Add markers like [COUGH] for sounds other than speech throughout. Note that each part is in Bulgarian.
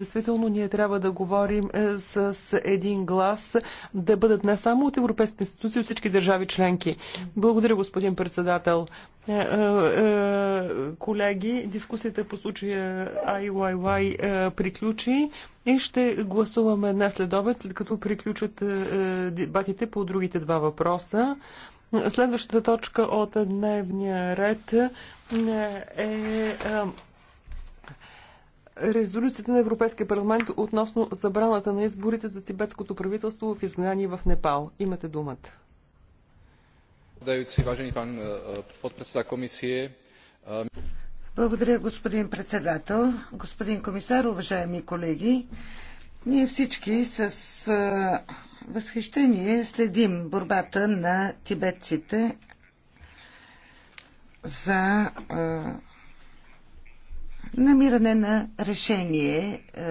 Действително ние трябва да говорим е, с един глас, да бъдат не само от европейските институции, от всички държави членки. Благодаря, господин председател. Е, е, колеги, дискусията по случая IYY приключи и ще гласуваме днес след обед, след като приключат дебатите по другите два въпроса. Следващата точка от дневния ред е резолюцията на Европейския парламент относно забраната на изборите за тибетското правителство в изгнание в Непал. Имате думата. Е, е, Благодаря, господин председател, господин комисар, уважаеми колеги. Ние всички с е, възхищение следим борбата на тибетците за намиране на решение е,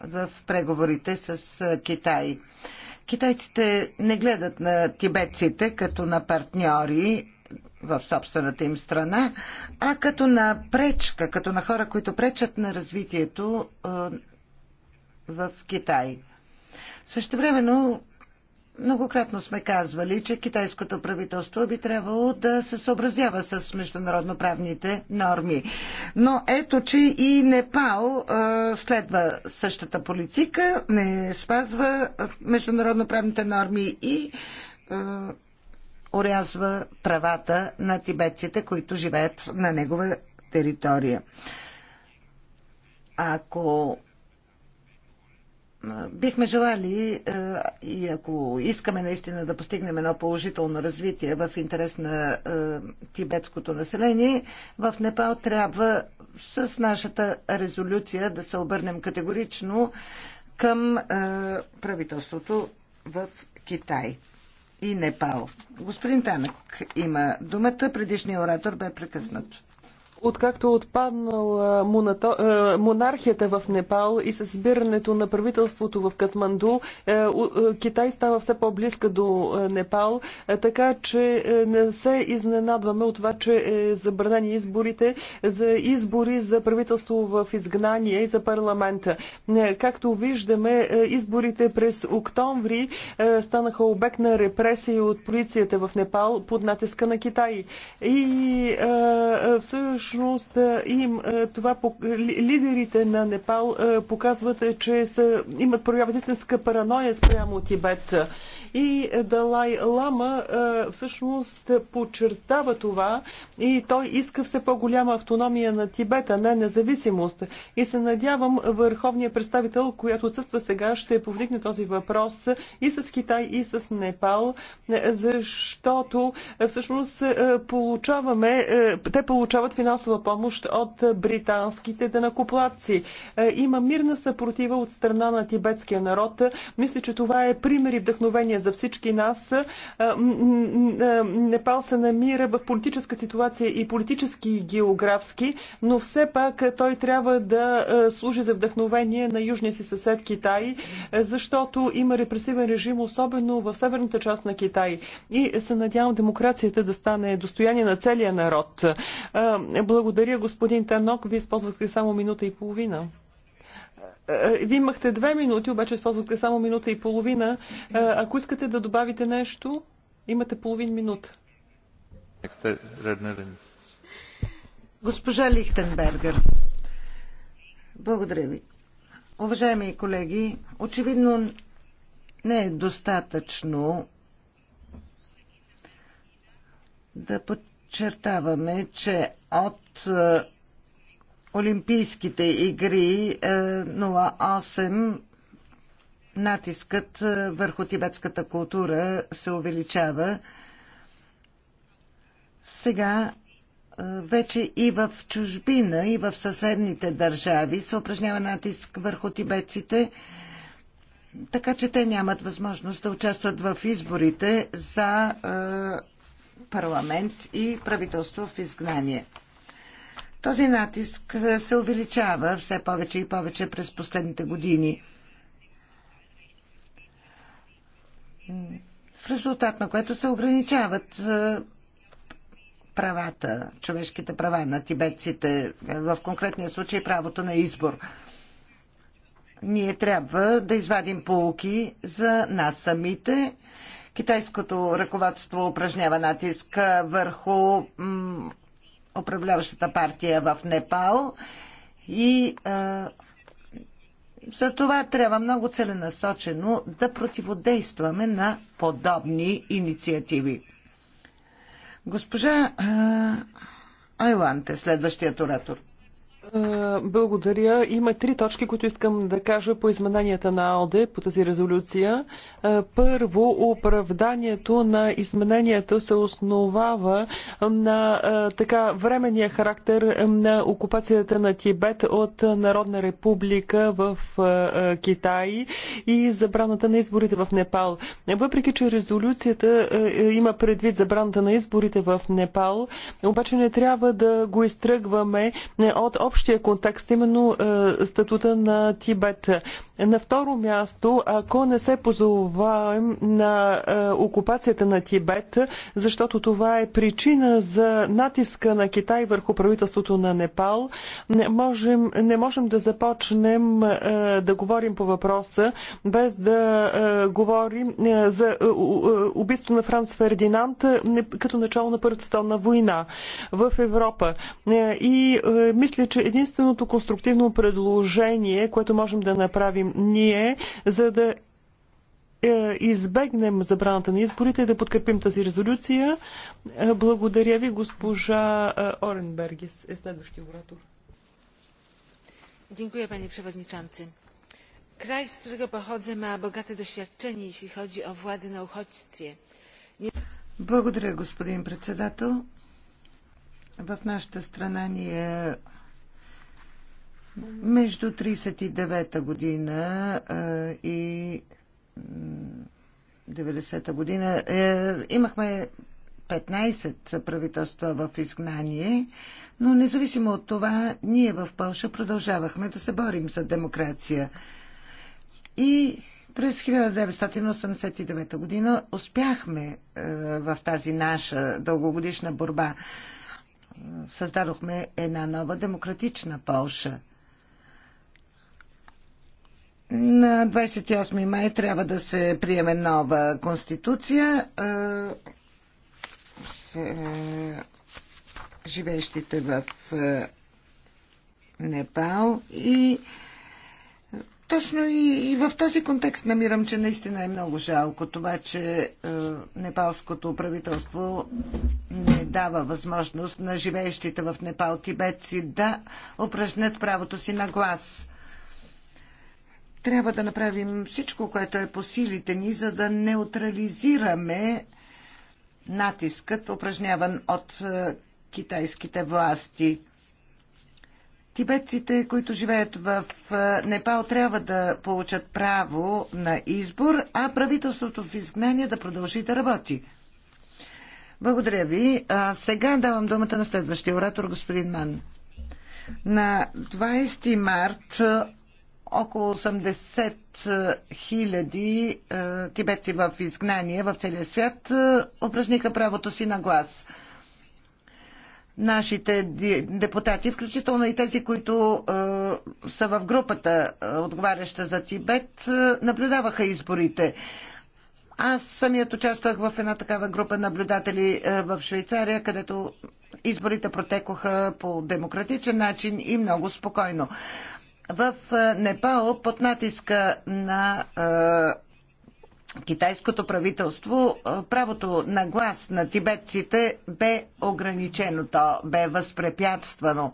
в преговорите с е, Китай. Китайците не гледат на тибетците като на партньори в собствената им страна, а като на пречка, като на хора, които пречат на развитието е, в Китай. Също времено Многократно сме казвали, че китайското правителство би трябвало да се съобразява с международноправните норми. Но ето, че и Непал следва същата политика, не спазва международноправните норми и орязва правата на тибетците, които живеят на негова територия. Ако Бихме желали е, и ако искаме наистина да постигнем едно положително развитие в интерес на е, тибетското население, в Непал трябва с нашата резолюция да се обърнем категорично към е, правителството в Китай и Непал. Господин Танък има думата. Предишният оратор бе прекъснат. Откакто отпаднала е, монархията в Непал и с избирането на правителството в Катманду, е, е, Китай става все по-близка до Непал, така че не се изненадваме от това, че е забранени изборите за избори за правителство в изгнание и за парламента. Както виждаме, изборите през октомври станаха обект на репресии от полицията в Непал под натиска на Китай. И всъщност всъщност им това лидерите на Непал показват, е, че са, имат проявите истинска параноя спрямо Тибет. И Далай Лама е, всъщност подчертава това и той иска все по-голяма автономия на Тибета, не независимост. И се надявам върховният представител, която отсъства сега, ще повдигне този въпрос и с Китай, и с Непал, е, защото е, всъщност получаваме, те получават финансова помощ от британските денакоплатци. Има мирна съпротива от страна на тибетския народ. Мисля, че това е пример и вдъхновение значение за всички нас. Е, е, Непал се намира в политическа ситуация и политически и географски, но все пак той трябва да е, служи за вдъхновение на южния си съсед Китай, защото има репресивен режим, особено в северната част на Китай. И се надявам демокрацията да стане достояние на целия народ. Благодаря, господин Танок. Вие използвахте само минута и половина. Е, е, Вие имахте две минути, обаче използвате само минута и половина. Е, ако искате да добавите нещо, имате половин минута. Госпожа Лихтенбергер, благодаря ви. Уважаеми колеги, очевидно не е достатъчно да подчертаваме, че от Олимпийските игри 08 е, натискът е, върху тибетската култура се увеличава. Сега е, вече и в чужбина, и в съседните държави се упражнява натиск върху тибетците, така че те нямат възможност да участват в изборите за парламент и правителство в изгнание. Този натиск се увеличава все повече и повече през последните години. В резултат на което се ограничават е, правата, човешките права на тибетците, е, в конкретния случай правото на избор. Ние трябва да извадим полуки за нас самите. Китайското ръководство упражнява натиск е, върху управляващата партия в Непал и а, за това трябва много целенасочено да противодействаме на подобни инициативи. Госпожа Айланте, следващият оратор. Е, благодаря. Има три точки, които искам да кажа по измененията на АЛДЕ по тази резолюция. Е, първо, оправданието на изменението се основава на е, така временния характер на окупацията на Тибет от Народна република в Китай и забраната на изборите в Непал. Въпреки, че резолюцията има предвид забраната на изборите в Непал, обаче не трябва да го изтръгваме от общ общия контекст, именно е, статута на Тибет. На второ място, ако не се позоваваем на е, окупацията на Тибет, защото това е причина за натиска на Китай върху правителството на Непал, не можем, не можем да започнем е, да говорим по въпроса, без да е, говорим за убийство на Франц Фердинанд като начало на Първата столна война в Европа. И мисля, че единственото конструктивно предложение, което можем да направим направим ние, за да е, избегнем забраната на изборите и да подкрепим тази резолюция. Е, благодаря ви, госпожа е, Оренбергис е следващия оратор. Dziękuję panie przewodniczący. Kraj, z którego pochodzę, ma bogate doświadczenie, jeśli chodzi o władzę na uchodźstwie. Благодаря, господин председател. В нашата страна ние между 39-та година и 90-та година е, имахме 15 правителства в изгнание, но независимо от това, ние в Пълша продължавахме да се борим за демокрация. И през 1989 година успяхме е, в тази наша дългогодишна борба. Създадохме една нова демократична Полша – на 28 май трябва да се приеме нова конституция. Живеещите в Непал и точно и, и в този контекст намирам, че наистина е много жалко това, че е, непалското правителство не дава възможност на живеещите в Непал тибетци да упражнят правото си на глас трябва да направим всичко, което е по силите ни, за да неутрализираме натискът, упражняван от е, китайските власти. Тибетците, които живеят в е, Непал, трябва да получат право на избор, а правителството в изгнание да продължи да работи. Благодаря ви. А сега давам думата на следващия оратор, господин Ман. На 20 март около 80 е, хиляди е, тибетци в изгнание в целия свят е, упражниха правото си на глас. Нашите депутати, включително и тези, които е, са в групата, е, отговаряща за Тибет, е, наблюдаваха изборите. Аз самият участвах в една такава група наблюдатели е, в Швейцария, където изборите протекоха по демократичен начин и много спокойно в Непал под натиска на китайското правителство правото на глас на тибетците бе ограничено, то бе възпрепятствано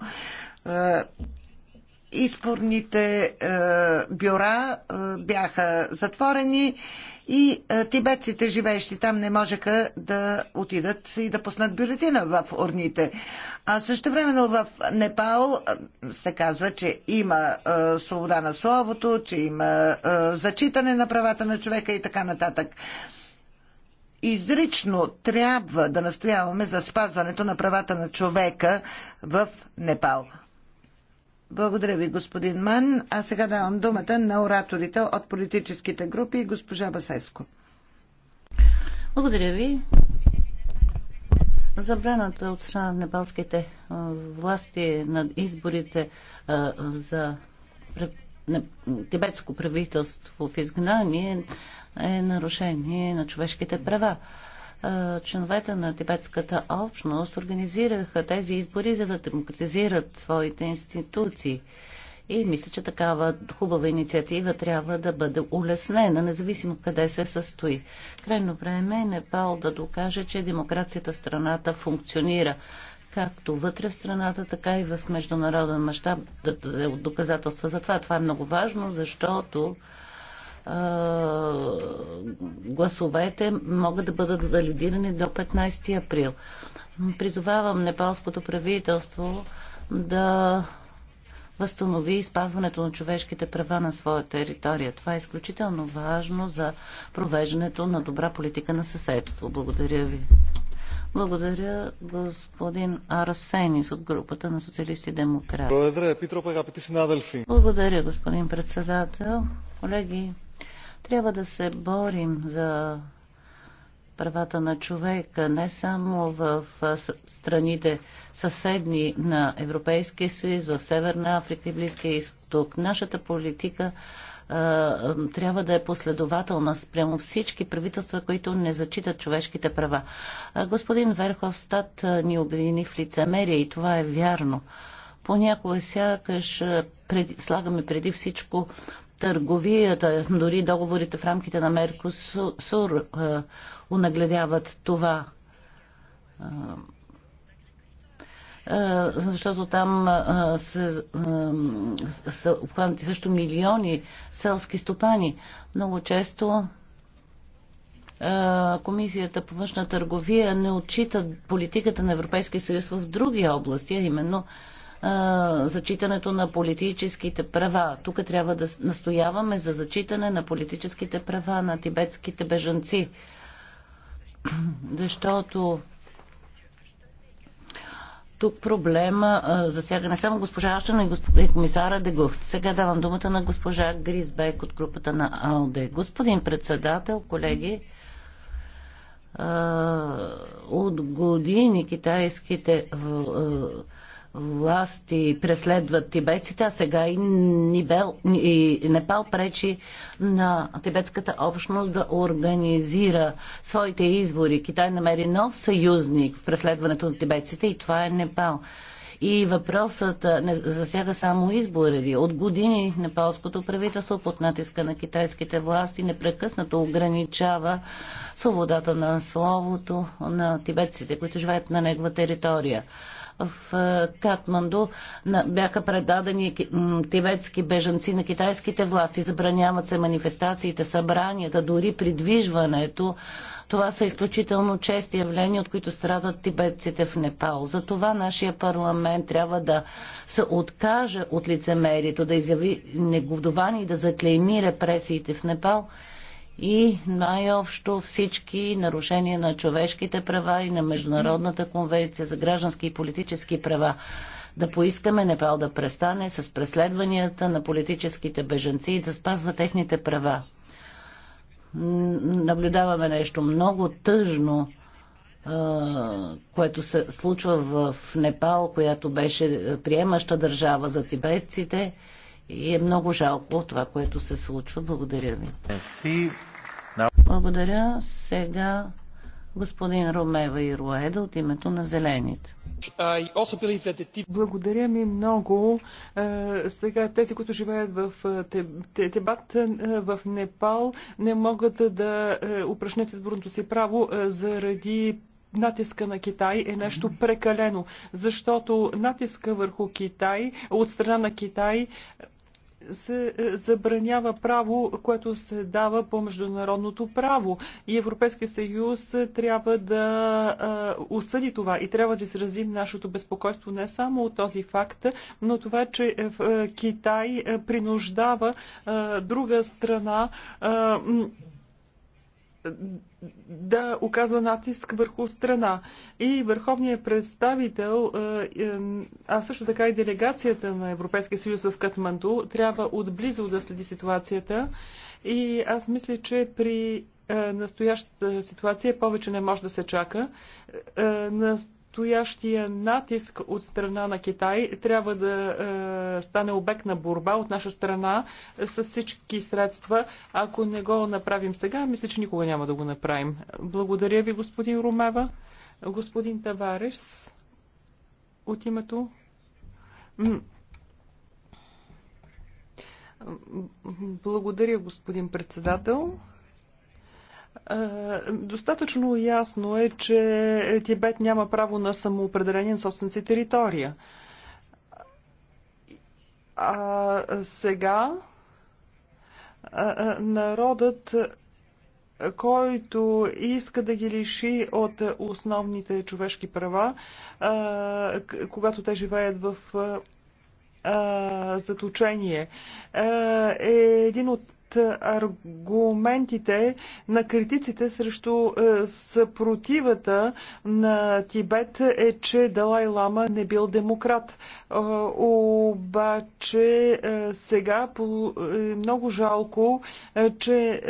изпорните е, бюра е, бяха затворени и е, тибетците, живеещи там, не можеха да отидат и да пуснат бюлетина в урните. А също времено в Непал се казва, че има свобода на словото, че има зачитане на правата на човека и така нататък изрично трябва да настояваме за спазването на правата на човека в Непал. Благодаря ви, господин Ман. А сега давам думата на ораторите от политическите групи и госпожа Басеско. Благодаря ви. Забраната от страна на непалските власти на изборите за тибетско правителство в изгнание е нарушение на човешките права членовете на тибетската общност организираха тези избори, за да демократизират своите институции. И мисля, че такава хубава инициатива трябва да бъде улеснена, независимо къде се състои. Крайно време е Непал да докаже, че демокрацията в страната функционира както вътре в страната, така и в международен мащаб да даде доказателства за това. Това е много важно, защото гласовете могат да бъдат валидирани до 15 април. Призовавам непалското правителство да възстанови спазването на човешките права на своя територия. Това е изключително важно за провеждането на добра политика на съседство. Благодаря ви. Благодаря господин Арасенис от групата на социалисти и демократи. Благодаря, господин председател. Колеги, трябва да се борим за правата на човека не само в страните съседни на Европейския съюз, в Северна Африка и Близкия изток. Нашата политика трябва да е последователна спрямо всички правителства, които не зачитат човешките права. Господин Верховстат ни обвини в лицемерие и това е вярно. Понякога сякаш пред, слагаме преди всичко търговията, дори договорите в рамките на Меркосур е, унагледяват това. Е, е, защото там са, са обхванати също милиони селски стопани. Много често Комисията по външна търговия не отчита политиката на Европейския съюз в други области, а именно зачитането на политическите права. Тук трябва да настояваме за зачитане на политическите права на тибетските бежанци. [CLEARS THROAT] Защото тук проблема а, засяга не само госпожа но и господин комисара Дегухт. Сега давам думата на госпожа Гризбек от групата на АЛДЕ. Господин председател, колеги, а, от години китайските а, власти преследват тибетците, а сега и, Нибел, и Непал пречи на тибетската общност да организира своите избори. Китай намери нов съюзник в преследването на тибетците и това е Непал. И въпросът не засяга само избори. От години непалското правителство под натиска на китайските власти непрекъснато ограничава свободата на словото на тибетците, които живеят на негова територия в Катманду бяха предадени тибетски бежанци на китайските власти. Забраняват се манифестациите, събранията, дори придвижването това са изключително чести явления, от които страдат тибетците в Непал. Затова нашия парламент трябва да се откаже от лицемерието, да изяви негодование и да заклейми репресиите в Непал и най-общо всички нарушения на човешките права и на Международната конвенция за граждански и политически права. Да поискаме Непал да престане с преследванията на политическите беженци и да спазва техните права наблюдаваме нещо много тъжно, което се случва в Непал, която беше приемаща държава за тибетците. И е много жалко това, което се случва. Благодаря ви. Благодаря. Сега господин Ромева и Руеда от името на Зелените. Благодаря ми много. Е, сега тези, които живеят в е, Тебат, е, в Непал, не могат да упражнят изборното си право заради натиска на Китай е нещо прекалено, защото натиска върху Китай, от страна на Китай, се е, забранява право, което се дава по международното право. И Европейския съюз трябва да е, осъди това и трябва да изразим нашето безпокойство не само от този факт, но това, че е, Китай принуждава друга страна да оказва натиск върху страна. И върховният представител, е, е, а също така и делегацията на Европейския съюз в Катманду, трябва отблизо да следи ситуацията. И аз мисля, че при е, настоящата ситуация повече не може да се чака настоящия натиск от страна на Китай трябва да е, стане обект на борба от наша страна е, с всички средства. Ако не го направим сега, мисля, че никога няма да го направим. Благодаря ви, господин Румева. Господин Таварес, от името. Благодаря, господин председател. Е, достатъчно ясно е, че Тибет няма право на самоопределение на собствената си територия. А сега народът, който иска да ги лиши от основните човешки права, когато те живеят в заточение, е един от аргументите на критиците срещу е, съпротивата на Тибет е, че Далай Лама не бил демократ. Е, обаче е, сега е много жалко, че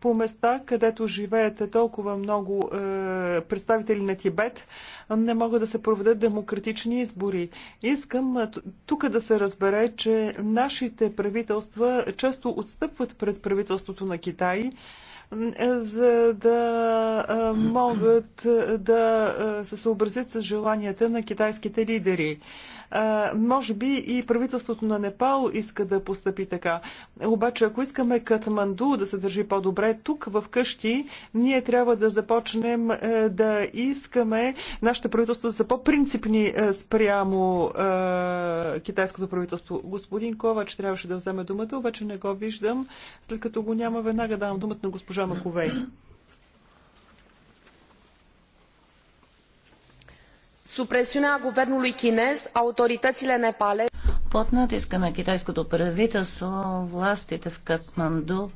по места, където живеят толкова много е, представители на Тибет, не могат да се проведат демократични избори. Искам е, тук да се разбере, че нашите правителства често отстъпват пред правителството на Китай е, за да е, могат да се съобразят с желанията на китайските лидери. Може би и правителството на Непал иска да постъпи така. Обаче, ако искаме Катманду да се държи по-добре тук в къщи, ние трябва да започнем е, да искаме нашите правителства за са по-принципни е, спрямо е, китайското правителство. Господин Ковач трябваше да вземе думата, обаче не го виждам. След като го няма, веднага давам думата на госпожа Маковей. Sub presiunea guvernului chinez, autoritățile nepaleze под натиска на китайското правителство, властите в Катманду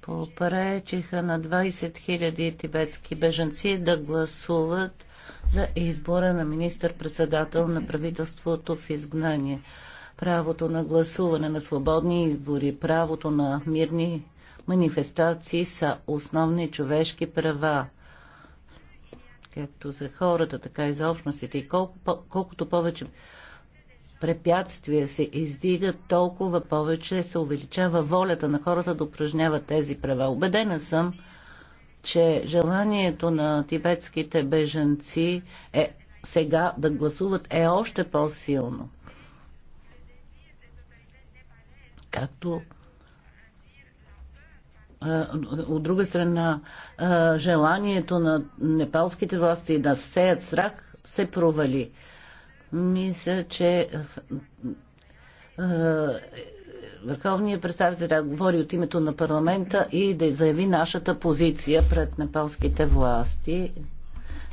попречиха на 20 000 тибетски беженци да гласуват за избора на министър-председател на правителството в изгнание. Правото на гласуване на свободни избори, правото на мирни манифестации са основни човешки права както за хората, така и за общностите. И колко, колкото повече препятствия се издигат, толкова повече се увеличава волята на хората да упражняват тези права. Обедена съм, че желанието на тибетските бежанци е сега да гласуват е още по-силно. Както от друга страна желанието на непалските власти да всеят страх се провали. Мисля, че върховният представител да говори от името на парламента и да заяви нашата позиция пред непалските власти.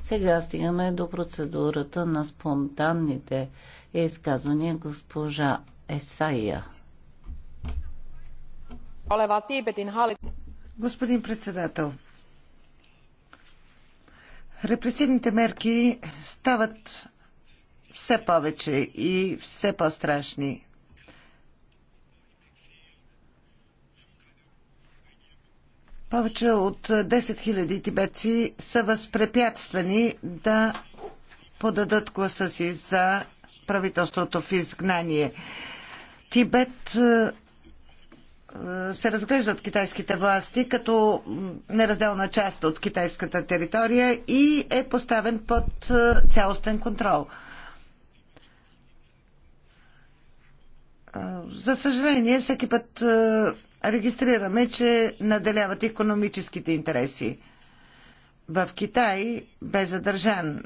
Сега стигаме до процедурата на спонтанните изказвания госпожа Есая. Olevaa Tiibetin hallit... Господин председател, репресивните мерки стават все повече и все по-страшни. Повече от 10 000 тибетци са възпрепятствани да подадат гласа си за правителството в изгнание. Тибет се разглеждат китайските власти като неразделна част от китайската територия и е поставен под е, цялостен контрол. Е, за съжаление, всеки път е, регистрираме, че наделяват економическите интереси. В Китай бе задържан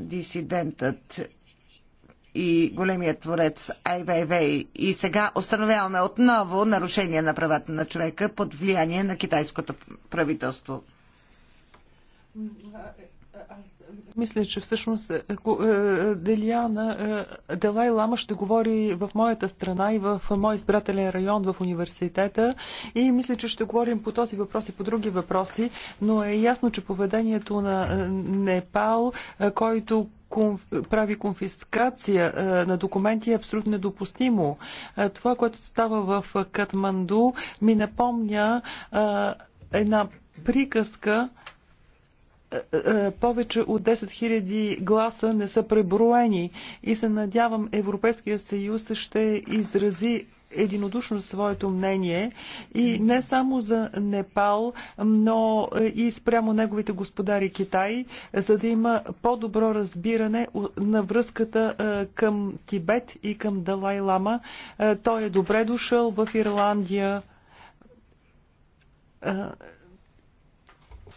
дисидентът и големия творец Ай Вей. И сега установяваме отново нарушение на правата на човека под влияние на китайското правителство. Аз мисля, че всъщност Деляна, е, Делай е, Лама ще говори в моята страна и в мой избирателен район в университета и мисля, че ще говорим по този въпрос и по други въпроси, но е ясно, че поведението на е, Непал, който прави конфискация на документи е абсолютно недопустимо. Това, което става в Катманду, ми напомня една приказка, повече от 10 000 гласа не са преброени и се надявам Европейския съюз ще изрази единодушно своето мнение и не само за Непал, но и спрямо неговите господари Китай, за да има по-добро разбиране на връзката към Тибет и към Далай Лама. Той е добре дошъл в Ирландия.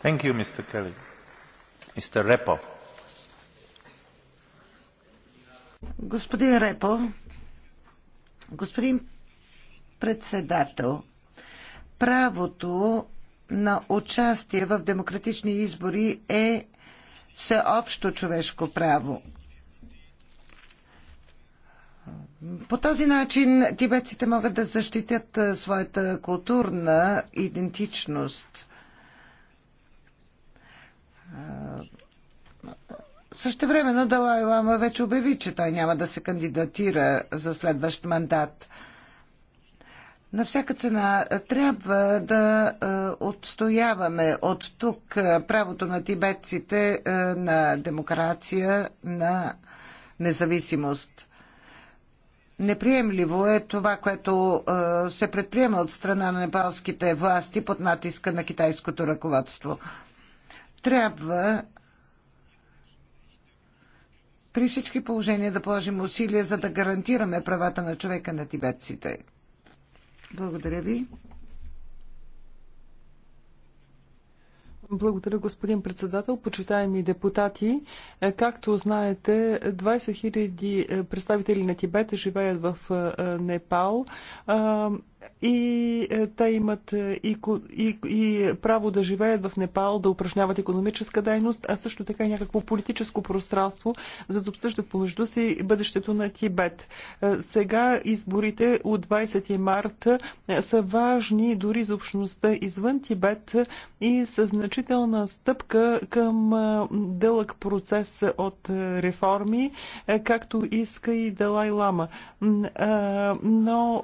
Thank you, Mr. Kelly. Господин Репо, господин председател, правото на участие в демократични избори е всеобщо човешко право. По този начин тибетците могат да защитят своята културна идентичност. Също на Далай Лама вече обяви, че той няма да се кандидатира за следващ мандат. На всяка цена е, трябва да е, отстояваме от тук е, правото на тибетците на демокрация, на независимост. Неприемливо е това, което се предприема от страна на непалските власти под натиска на китайското ръководство трябва при всички положения да положим усилия, за да гарантираме правата на човека на тибетците. Благодаря ви. Благодаря, господин председател. Почитаеми депутати, е, както знаете, 20 000 е, представители на Тибет живеят в е, Непал и е, те имат е, и, и, и право да живеят в Непал, да упражняват економическа дейност, а също така и някакво политическо пространство, за да обсъждат помежду си бъдещето на Тибет. Е, сега изборите от 20 марта са важни дори за общността извън Тибет и са значителна стъпка към дълъг процес от реформи, както иска и Далай Лама. Но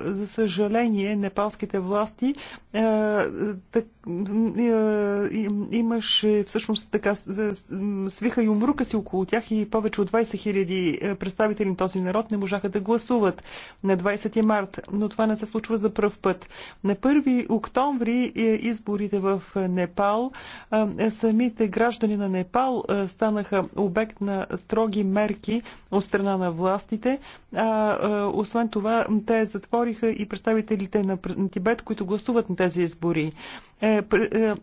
за съжаление, непалските власти е, е, така е, имаше всъщност така свиха и умрука си около тях и повече от 20 хиляди е, представители на този народ не можаха да гласуват на 20 март, но това не се случва за пръв път. На 1 октомври е, изборите в Непал, самите граждани на Непал станаха обект на строги мерки от страна на властите. А, освен това, те затвориха и представителите на Тибет, които гласуват на тези избори. Е, е,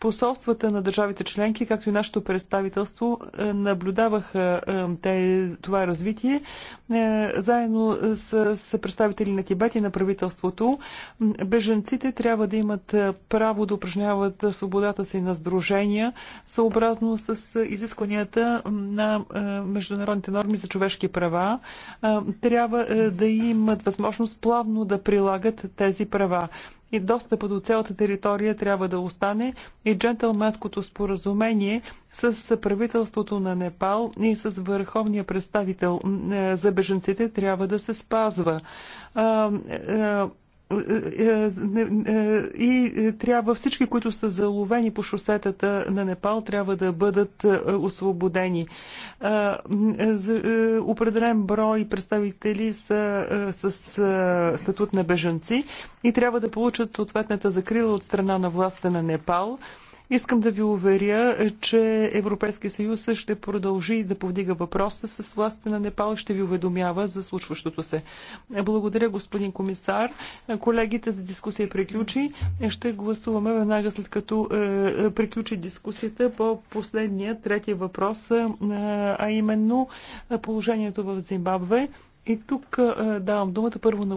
посолствата на държавите членки, както и нашето представителство, е, наблюдаваха те, това развитие, заедно с, с представители на Тибет и на правителството. Беженците трябва да имат право да упражняват свободата си на сдружения, съобразно с изискванията на международните норми за човешки права. Трябва да имат възможност плавно да прилагат тези права и достъпа до цялата територия трябва да остане и джентълменското споразумение с правителството на Непал и с върховния представител е, за беженците трябва да се спазва е, е, е, и трябва всички, които са заловени по шосетата на Непал, трябва да бъдат освободени. Определен брой представители са с статут на бежанци и трябва да получат съответната закрила от страна на властта на Непал. Искам да ви уверя, че Европейския съюз ще продължи да повдига въпроса с властта на Непал и ще ви уведомява за случващото се. Благодаря, господин комисар. Колегите за дискусия приключи. Ще гласуваме веднага след като е, приключи дискусията по последния, третия въпрос, е, а именно положението в Зимбабве. И тук е, давам думата първо на